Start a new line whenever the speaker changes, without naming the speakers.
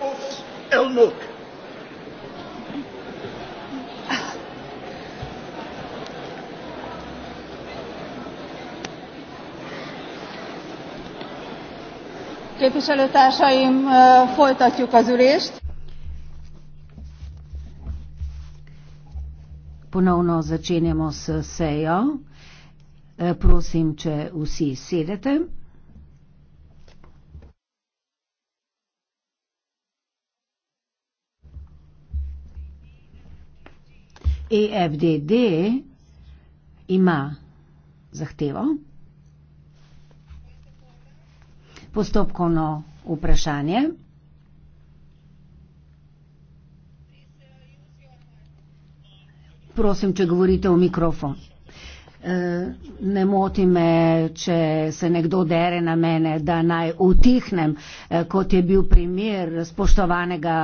of Elmok.
Képviselőtársaim, folytatjuk az ülést.
Ponovno začenjamo s sejo. Prosim, če vsi sedete. EFDD ima zahtevo. Postopkovno vprašanje. Prosim, če govorite v mikrofon. E, ne moti me, če se nekdo dere na mene, da naj utihnem, e, kot je bil primer spoštovanega.